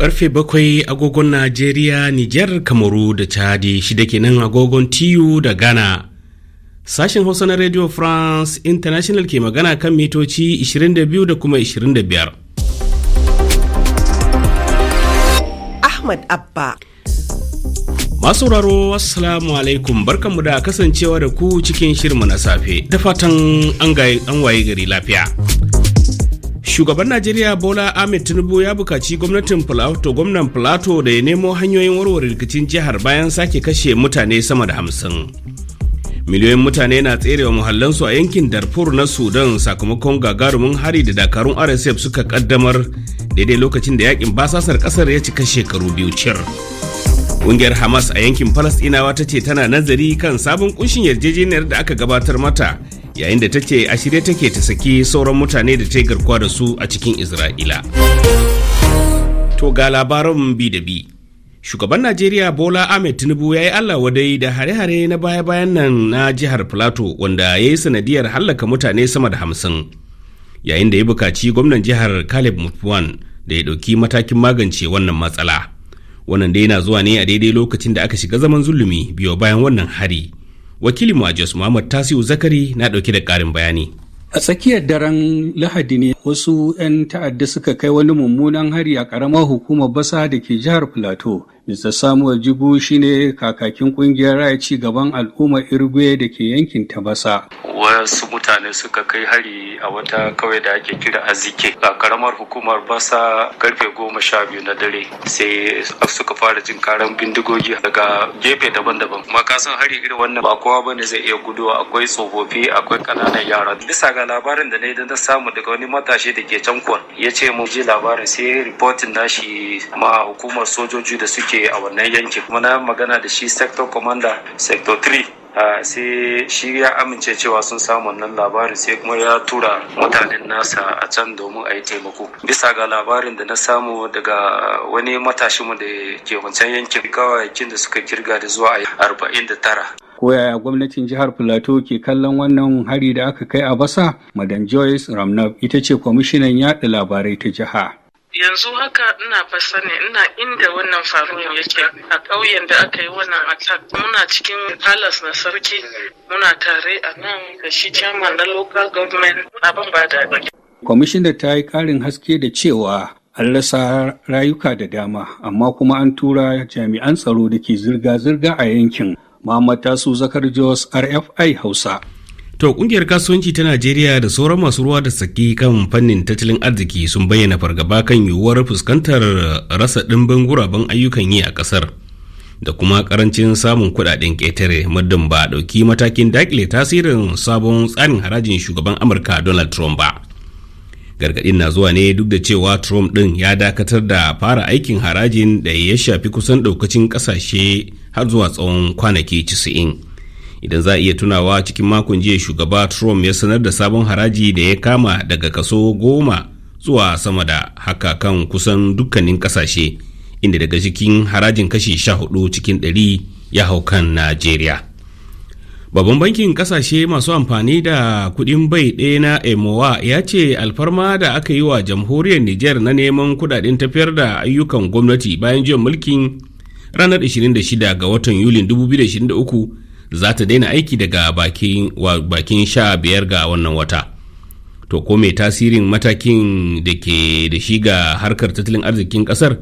karfe bakwai agogon Najeriya, Nijar, Kamaru da Chadi shida kenan agogon tiyu da Ghana. Sashen Hausa na Radio France International ke magana kan mitoci 22 da kuma 25. Ahmad Abba. Masu Assalamu alaikum barkanmu da kasancewa da ku cikin shirma na safe da fatan an waye gari lafiya. shugaban najeriya bola ahmed tinubu ya bukaci gwamnatin plato gwamnan plato da ya nemo hanyoyin warware rikicin jihar bayan sake kashe mutane sama da hamsin miliyoyin mutane na tserewa muhallansu a yankin darfur na sudan sakamakon gagarumin hari da dakarun rsf suka kaddamar daidai lokacin da yakin basasar kasar ya cika shekaru biyu cir Ƙungiyar Hamas a yankin Falasɗinawa ta ce tana nazari kan sabon kunshin yarjejeniyar da aka gabatar mata yayin da ta ce a shirye take ta saki sauran mutane da ta yi garkuwa da su a cikin isra'ila to ga labaran bi da bi shugaban najeriya bola ahmed tinubu ya yi allah wadai da hare-hare na baya-bayan nan na jihar plateau wanda ya yi sanadiyar hallaka mutane sama da hamsin yayin da ya bukaci gwamnan jihar caleb mufuan da ya ɗauki matakin magance wannan matsala wannan dai yana zuwa ne a daidai lokacin da aka shiga zaman zulumi biyo bayan wannan hari wakilin mu a jos muhammad tasiu zakari na dauke da karin bayani A tsakiyar daren Lahadi ne wasu 'yan ta'adda suka kai wani mummunan hari a ƙaramar hukumar basa da ke jihar plateau. Mr. Samuel Jibu shi ne kakakin kungiyar raya ci gaban al'ummar Irgwe da ke yankin Tabasa. Wasu mutane suka kai hari a wata kawai da ake kira Azike a karamar hukumar Basa karfe goma sha biyu na dare sai suka fara jin karan bindigogi daga gefe daban-daban. ka san hari irin wannan ba kowa bane zai iya gudu. akwai tsofaffi akwai kananan yara. Bisa ga labarin da na yi na samu daga wani matashi da ke can kwan ya ce mu ji labarin sai ripotin nashi ma hukumar sojoji da suke suke a wannan yanki kuma na magana da shi sector commander sector 3 sai shi ya amince cewa sun samu wannan labarin sai kuma ya tura mutanen nasa a can domin a yi taimako bisa ga labarin da na samu daga wani matashinmu da ke wancan yankin kawayakin da suka kirga da zuwa arba'in da tara ko yaya gwamnatin jihar plateau ke kallon wannan hari da aka kai a basa madam joyce ramnab ita ce kwamishinan yaɗa labarai ta jiha yanzu haka ina fasani ina inda wannan faruwar yake a ƙauyen da aka yi wannan attack muna cikin halas na sarki muna tare a nan da shi chairman na local government abin ba da ta yi ƙarin haske da cewa an rasa rayuka da dama amma kuma an tura jami'an tsaro da ke zirga-zirga a yankin mamata su zakar jos rfi hausa To kungiyar kasuwanci ta Najeriya da sauran masu ruwa da tsaki kan fannin tattalin arziki sun bayyana fargaba kan yiwuwar fuskantar rasa ɗimbin guraben ayyukan yi a ƙasar da kuma ƙarancin samun kuɗaɗen ƙetare muddin ba ɗauki matakin dakile tasirin sabon tsarin harajin shugaban Amurka Donald Trump ba. Gargaɗin na zuwa ne duk da cewa Trump ɗin ya dakatar da fara aikin harajin da ya shafi kusan ɗaukacin ƙasashe har zuwa tsawon kwanaki 90. idan za a iya tunawa cikin makon jiya shugaba trump ya sanar da sabon haraji da ya kama daga kaso goma zuwa sama da haka kan kusan dukkanin kasashe inda daga cikin harajin kashi sha cikin ɗari ya hau kan najeriya babban bankin kasashe masu amfani da kudin bai ɗaya na emowa ya ce alfarma da aka yi wa jamhuriyar niger na neman kudaden tafiyar da ayyukan gwamnati bayan jiyan mulkin ranar 26 ga watan yulin za ta daina aiki daga bakin sha biyar ga wannan wata to ko mai tasirin matakin da ke da shi ga harkar tattalin arzikin kasar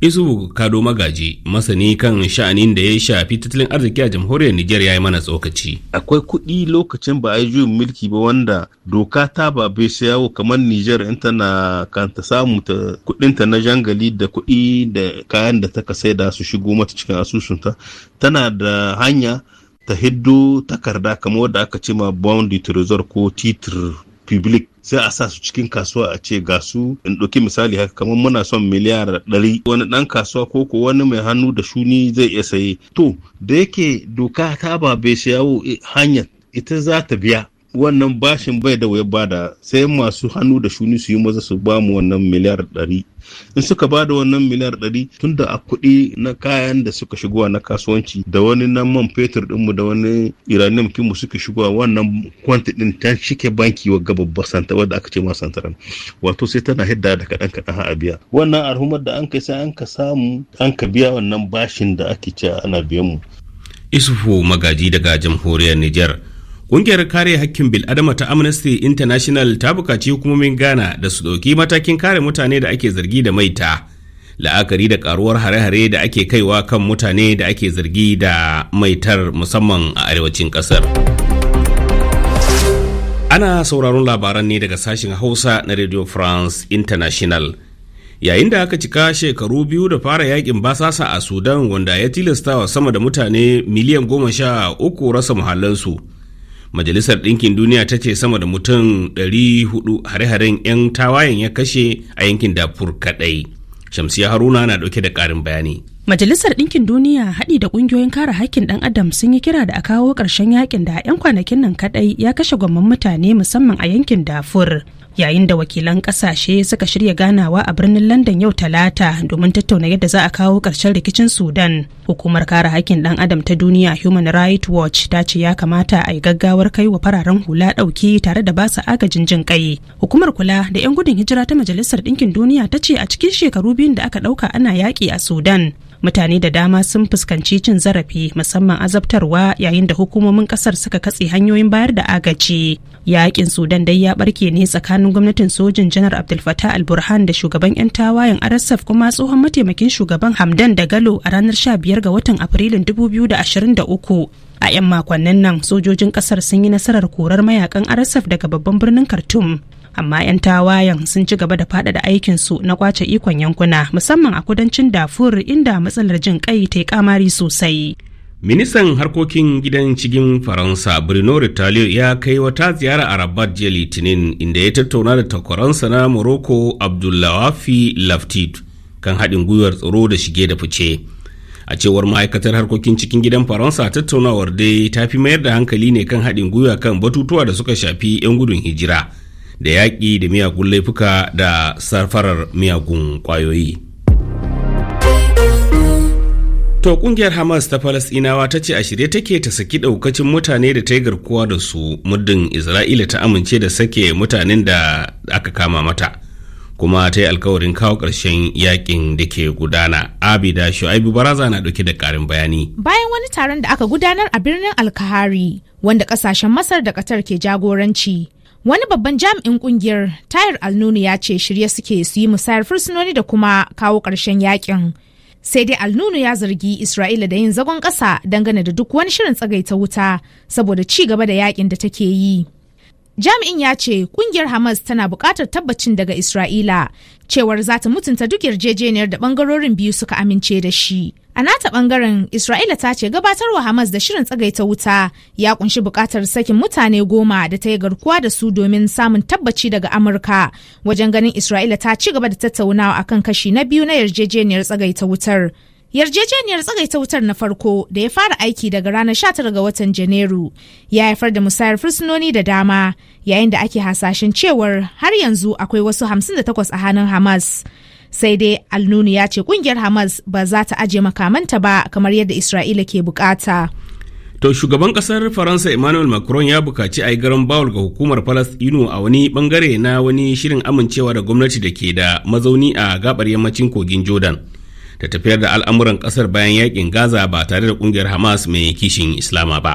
isu kado magaji masani kan sha'anin da ya shafi tattalin arziki a jamhuriyar niger ya yi mana tsokaci akwai kuɗi lokacin ba a yi juyin mulki ba wanda doka ta ba bai yawo kamar niger in tana ta samu ta kuɗinta na jangali da kuɗi da kayan da ta kasai da su shigo mata cikin asusunta tana da hanya ta hiddo takarda kamar wadda aka ce ma bound trésor ko titre public sai a sa su cikin kasuwa a ce ga su in ɗauki misali haka kamar muna son miliyar ɗari wani ɗan kasuwa ko ko wani mai hannu da shuni zai iya saye to da yake doka ta ba bai yawo eh, hanyar ita za ta biya wannan bashin bai da wai bada sai masu hannu da shuni su yi maza su ba mu wannan miliyar ɗari in suka ba da wannan miliyar ɗari tun da a kuɗi na kayan da suka shigowa na kasuwanci da wani na man fetur ɗinmu da wani iranian mu suka shigowa wannan kwanti ɗin ta shike banki wa gababba santa wadda aka ce ma santaran wato sai tana hidda da kaɗan kaɗan a biya wannan arhumar da an kai sai an ka samu an ka biya wannan bashin da ake cewa ana biyan mu isufu magaji daga jamhuriyar nijar. Ƙungiyar kare hakkin bil'adama ta Amnesty International ta bukaci hukumomin Ghana da su ɗauki matakin kare mutane da ake zargi da maita. La'akari da karuwar hare-hare da ake kaiwa kan mutane da ake zargi da maitar musamman a arewacin ƙasar. Ana sauraron labaran ne daga sashen Hausa na Radio France International. yayin da aka cika shekaru biyu da fara yakin basasa a sudan wanda ya tilastawa sama da mutane miliyan goma sha uku rasa muhallansu majalisar ɗinkin duniya ta ce sama da mutum 400 hare-haren 'yan tawayen ya kashe a yankin dafur kaɗai shamsiya haruna na ɗauke da ƙarin bayani Majalisar Ɗinkin Duniya haɗi da ƙungiyoyin kare haƙƙin ɗan adam sun yi kira da a kawo ƙarshen yakin da 'yan kwanakin nan kaɗai ya kashe gwamman mutane musamman a yankin Dafur. yayin da wakilan kasashe suka shirya ganawa a birnin london yau talata domin tattauna yadda za a kawo ƙarshen rikicin sudan hukumar kare hakkin ɗan adam ta duniya human rights watch ta ce ya kamata a yi gaggawar kai wa fararen hula ɗauki tare da basu agajin jin kai hukumar kula da 'yan gudun hijira ta majalisar ɗinkin duniya ta ce a cikin shekaru biyun da aka ɗauka ana yaƙi a sudan mutane da dama sun fuskanci cin zarafi musamman azabtarwa yayin da hukumomin kasar suka katse hanyoyin bayar da agaji yakin sudan dai ya barke ne tsakanin gwamnatin sojin janar abdul fatah al burhan da shugaban yan tawayen rsf kuma tsohon mataimakin shugaban hamdan da galo a ranar 15 ga watan afrilun 2023 a 'yan makonnin nan sojojin kasar sun yi nasarar korar mayakan rsf daga babban birnin khartoum amma 'yan tawayen sun ci gaba da faɗaɗa aikinsu na kwace ikon yankuna musamman a kudancin dafur inda matsalar jin kai ta yi kamari sosai ministan harkokin gidan cikin faransa bruno ritalio ya kai wata ziyara a rabat jiya litinin inda ya tattauna da takwaransa na morocco abdullawafi laftit kan haɗin gwiwar tsaro da shige da fice a cewar ma'aikatar harkokin cikin gidan faransa tattaunawar dai ta fi mayar da hankali ne kan haɗin gwiwa kan batutuwa da suka shafi 'yan gudun hijira da yaƙi da miyagun laifuka da safarar miyagun ƙwayoyi. To ƙungiyar Hamas ta Falasɗinawa ta ce a shirye take ta saki ɗaukacin mutane da ta yi garkuwa da su muddin Isra'ila ta amince da sake mutanen da aka kama mata. kuma ta yi alkawarin kawo ƙarshen yaƙin da ke gudana abida shu'aibu baraza na ɗauke da ƙarin bayani bayan wani taron da aka gudanar a birnin alkahari wanda ƙasashen masar da ƙatar ke jagoranci Wani babban jami'in kungiyar Tayar Alnuni ya ce shirye suke su yi musayar fursunoni da kuma kawo ƙarshen yakin. Sai dai Alnunu ya zargi Isra'ila da yin zagon ƙasa dangane da duk wani shirin tsagaita wuta saboda ci gaba da yakin da take yi. Jami'in ya ce kungiyar Hamas tana bukatar tabbacin daga Isra'ila cewar za ta mutunta duk yarjejeniyar da bangarorin biyu suka amince da shi. A nata bangaren Isra'ila ta ce gabatarwa Hamas da shirin tsagaita wuta ya kunshi bukatar sakin mutane goma da ta yi garkuwa da su domin samun tabbaci daga Amurka wajen ganin Isra'ila ta ci gaba da tattaunawa akan kashi na biyu na yarjejeniyar tsagaita wutar. Yarjejeniyar tsagaita wutar na farko da ya fara aiki daga ranar 19 ga watan Janairu ya haifar da musayar fursunoni da dama yayin da ake hasashen cewar har yanzu akwai wasu 58 a hannun Hamas. Sai dai Alnuni ya ce kungiyar Hamas ba za ta ajiye makamanta ba kamar yadda Isra'ila ke bukata. To shugaban kasar Faransa Emmanuel Macron ya bukaci a yi garan bawul ga hukumar falastinu a wani bangare na wani shirin amincewa da gwamnati da ke da mazauni a gabar yammacin kogin Jordan. da tafiyar da al'amuran kasar bayan yakin gaza ba tare da kungiyar hamas mai kishin islama ba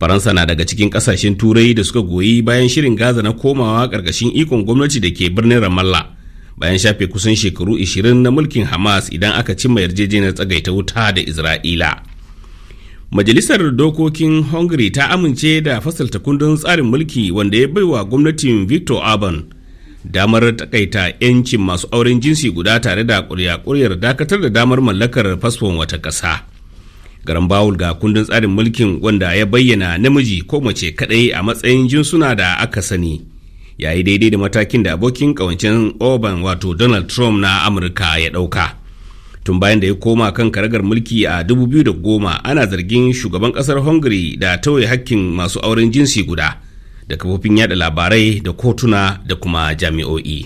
faransa na daga cikin kasashen turai da suka goyi bayan shirin gaza na komawa karkashin ikon gwamnati da ke birnin ramallah bayan shafe kusan shekaru 20 na mulkin hamas idan aka cimma yarjejeniyar tsagaita wuta da isra'ila majalisar dokokin hungary ta amince da fasalta kundin tsarin mulki wanda ya baiwa gwamnatin victor orban damar takaita 'yancin masu auren jinsi guda tare da ƙuria dakatar da damar mallakar fasfon wata ƙasa garan bawul ga kundin tsarin mulkin wanda ya bayyana namiji ko mace kaɗai a matsayin jinsuna da aka sani yayi daidai da matakin da abokin ƙawancen oban wato donald trump na amurka ya ɗauka tun bayan da ya koma kan karagar mulki a 2010 ana zargin shugaban ƙasar hungary da tauye hakkin masu auren jinsi guda da kafofin yada labarai da kotuna da kuma jami'o'i.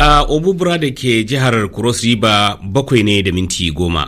a obubura da ke jihar cross river bakwai ne da minti goma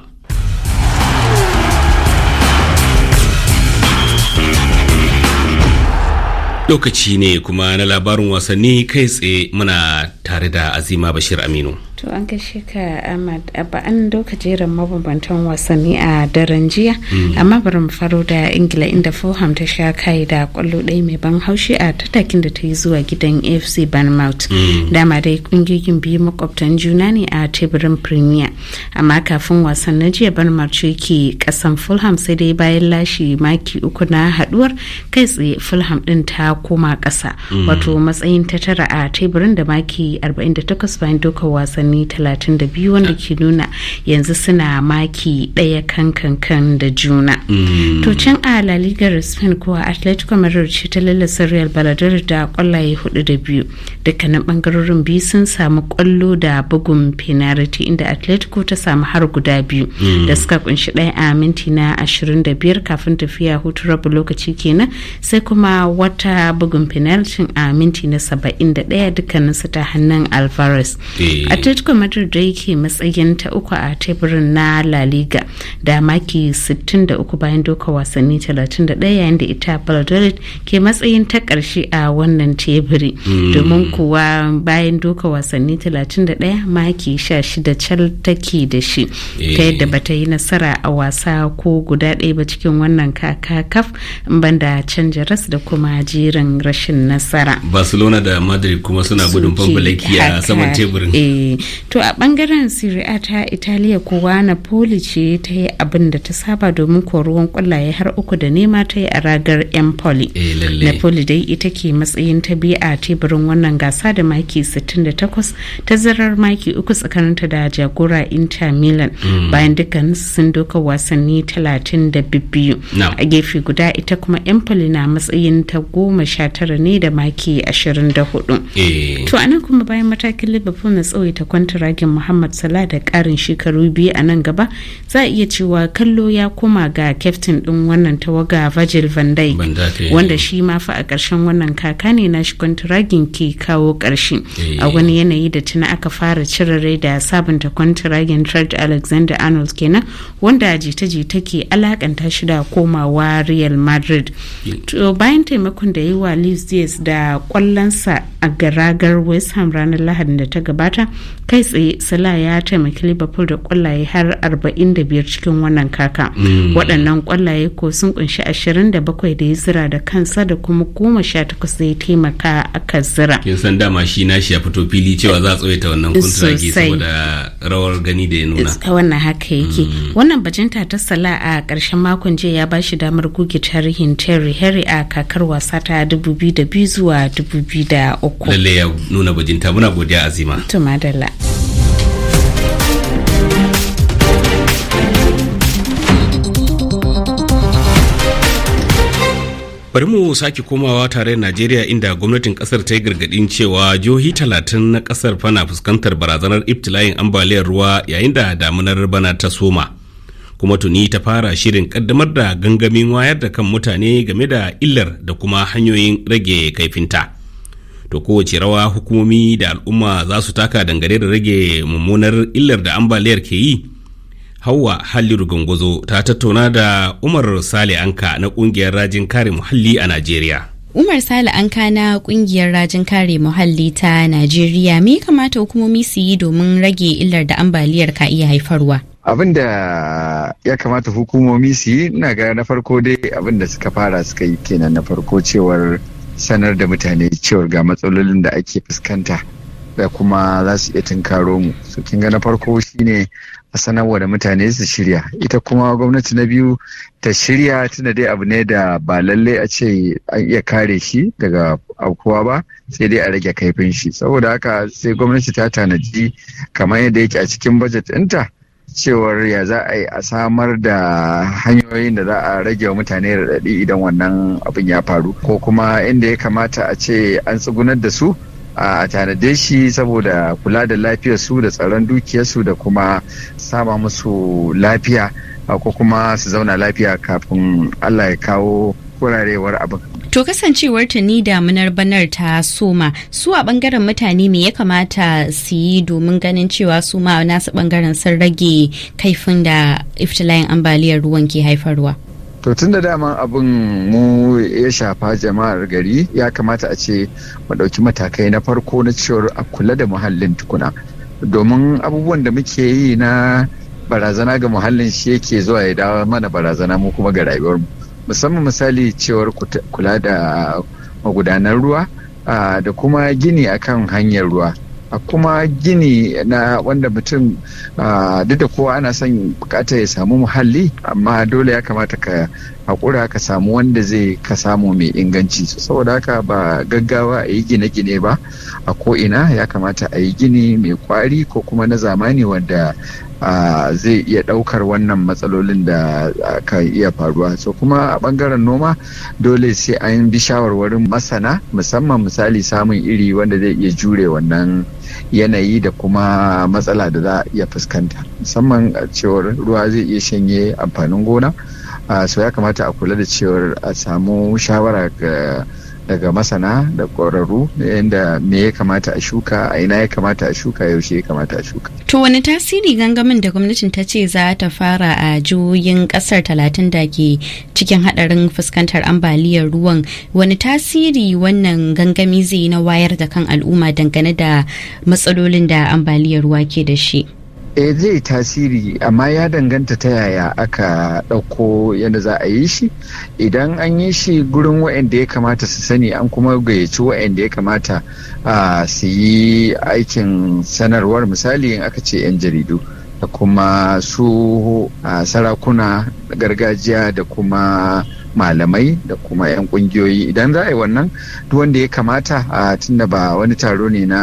lokaci ne kuma na labarin wasanni kai tsaye muna tare da azima bashir aminu to an kashe ka ahmad abba an doka jerin mabambantan wasanni a daren jiya mm. amma bari mu faro da ingila inda fulham ta sha kai da kwallo ɗaya mai ban haushi a tattakin da ta yi zuwa gidan afc banmouth mm. dama dai kungiyoyin biyu makwabtan juna ne a teburin premier amma kafin wasan na jiya banmouth ce ke kasan fulham sai dai bayan lashe maki uku na haduwar kai tsaye fulham din ta koma kasa mm. wato matsayin ta tara a teburin da maki 48 bayan dokar wasanni wasanni 32 wanda ke nuna yanzu suna maki ɗaya kan kankan da juna mm. to can a la ligar spain kuwa atletico madrid ce ta lallasa real valladolid da kwallaye hudu da biyu dukkanin bangarorin biyu sun samu kwallo da bugun penalty inda atletico ta samu har guda biyu mm. da suka kunshi ɗaya a minti na 25 kafin tafiya hutu rabu lokaci kenan sai kuma wata bugun penalty a minti na 71 dukkaninsu ta hannun alvarez eh. atletico madrid da yake matsayin ta uku a teburin na la liga da maki 63 bayan doka wasanni 31 yayin da ita valladolid ke matsayin ta karshe a wannan teburi hmm. domin kuwa bayan doka wasanni 31 maki 16 cal take da shi eh. ta yadda bata yi nasara a wasa ko guda ɗaya ba cikin wannan kaka kaf banda canja ras da kuma jerin rashin nasara barcelona da madrid kuma suna gudun fanfalaki a saman teburin eh, to a bangaren siri'a ta Italiya kowa Napoli ce ta yi abin da ta saba domin koruwan kwallaye har uku da nema ta yi a ragar Empoli. Eh, Napoli dai ita ke matsayin ta biyu a teburin wannan gasa da maki 68 ta zarar maki uku tsakaninta da jagora Inter Milan mm. bayan dukkan sun doka wasanni 32. A gefe guda ita kuma Empoli na matsayin ta goma sha tara ne da maki 24. Eh. To anan kuma bayan matakin Liverpool na tsawaita kwantiragin muhammad salah da karin shekaru biyu a nan gaba za a iya cewa kallo ya koma ga kyaftin ɗin wannan tawaga virgil van dijk eh. wanda shi ma fa a ƙarshen wannan kaka ne na shi kwantiragin ke kawo ƙarshe a eh. wani yanayi da tuna aka fara cire rai da sabunta kwantiragin trent alexander arnold kenan wanda jita-jita ke alakanta shi da komawa real madrid to bayan taimakon da yi wa Luis da kwallonsa a garagar West Ham ranar lahadi da ta gabata kai tsaye sala ya taimaki liverpool da kwallaye har 45 cikin wannan kaka hmm. waɗannan kwallaye ko sun kunshi 27 da ya zira da kansa da kuma 18 da ya taimaka kan zira kin san dama shi shi ya fito fili cewa za a ta wannan kuntragi saboda rawar gani da ya nuna wannan haka yake hmm. wannan bajinta ta sala a ƙarshen makon jiya ya bashi damar guge tarihin terry harry a kakar wasa ta 2002 zuwa 2003 lalle ya nuna bajinta muna godiya azima to bari mu sake komawa tare najeriya inda gwamnatin kasar ta yi gargadin cewa jihohi talatin na kasar fana fuskantar barazanar iftilayin ambaliyar ruwa yayin da damunar bana ta soma kuma tuni ta fara shirin kaddamar da gangamin wayar da kan mutane game da illar da kuma hanyoyin rage kaifinta to kowace rawa hukumomi da al'umma za su taka dangane da rage mummunar illar da ambaliyar ke yi hawa halliru gangozo ta tattauna da umar sale anka na kungiyar rajin kare muhalli a najeriya umar sale anka na kungiyar rajin kare muhalli ta najeriya me kamata hukumomi su yi domin rage illar da ambaliyar ka iya haifarwa abin da ya kamata hukumomi su yi ina ga na farko dai abin da suka fara suka yi kenan na farko cewar sanar da mutane cewar ga matsalolin da ake fuskanta da kuma za su iya tunkaro mu su kinga na farko shine a sanarwa da mutane su shirya ita kuma gwamnati na biyu ta shirya tuna dai abu ne da ba lallai a ce an iya kare shi daga aukuwa ba sai dai a rage kaifin shi saboda haka sai gwamnati ta tanaji kamar yadda yake a cikin bajet ɗinta cewar ya za a yi a samar da hanyoyin da za a rage wa mutane raɗaɗi idan wannan abin ya faru ko kuma inda ya kamata a ce an tsugunar da su a tanade shi saboda kula da lafiyarsu da tsaron dukiyarsu da kuma sama musu lafiya ko kuma su zauna lafiya kafin allah ya kawo kurarewar abin To kasancewar ta ni damunar banar ta soma su a bangaren mutane me ya kamata su yi domin ganin cewa su ma nasu bangaren sun rage kaifin da iftilayin ambaliyar ruwan ke haifarwa. To tun da dama abin mu ya shafa jama'ar gari ya kamata a ce mu ɗauki matakai na farko na cewar a kula da muhallin tukuna. Domin abubuwan da muke yi na barazana ga muhallin shi yake zuwa ya dawo mana barazana mu kuma ga rayuwarmu. musamman misali cewar kula da magudanar ruwa da kuma gini akan hanyar ruwa a kuma gini na wanda mutum duk da kowa ana son bukata ya samu muhalli amma dole ya kamata ka haƙura ka samu wanda zai ka samu mai inganci saboda haka ba gaggawa a yi gine-gine ba a ko'ina ya kamata a yi gini mai kwari ko kuma na zamani wanda zai iya ɗaukar wannan matsalolin da kan iya faruwa so kuma a ɓangaren noma dole sai an bi shawarwarin masana musamman misali samun iri wanda zai iya jure wannan yanayi da kuma matsala da za a iya fuskanta musamman cewar ruwa zai iya shanye amfanin gona so ya kamata a kula da cewar a samu shawara ga daga masana da ƙwararru yadda me ya kamata a shuka a ina ya kamata a shuka yaushe ya kamata a shuka. To wani tasiri gangamin da gwamnatin ta ce za ta fara a jihohin ƙasar talatin da ke cikin haɗarin fuskantar ambaliyar ruwan wani tasiri wannan gangami zai na wayar da kan al'umma dangane da matsalolin da ambaliyar ruwa ke da shi. eh zai tasiri amma ya danganta ta yaya aka ɗauko yadda za a yi shi idan an yi shi gurin wa'anda ya kamata su sani an kuma gayyaci wa'anda ya kamata su yi aikin sanarwar misali in aka ce 'yan jaridu da kuma su sarakuna gargajiya da kuma malamai da kuma 'yan kungiyoyi idan za a yi wannan duk wanda ya kamata a tunda ba wani taro ne na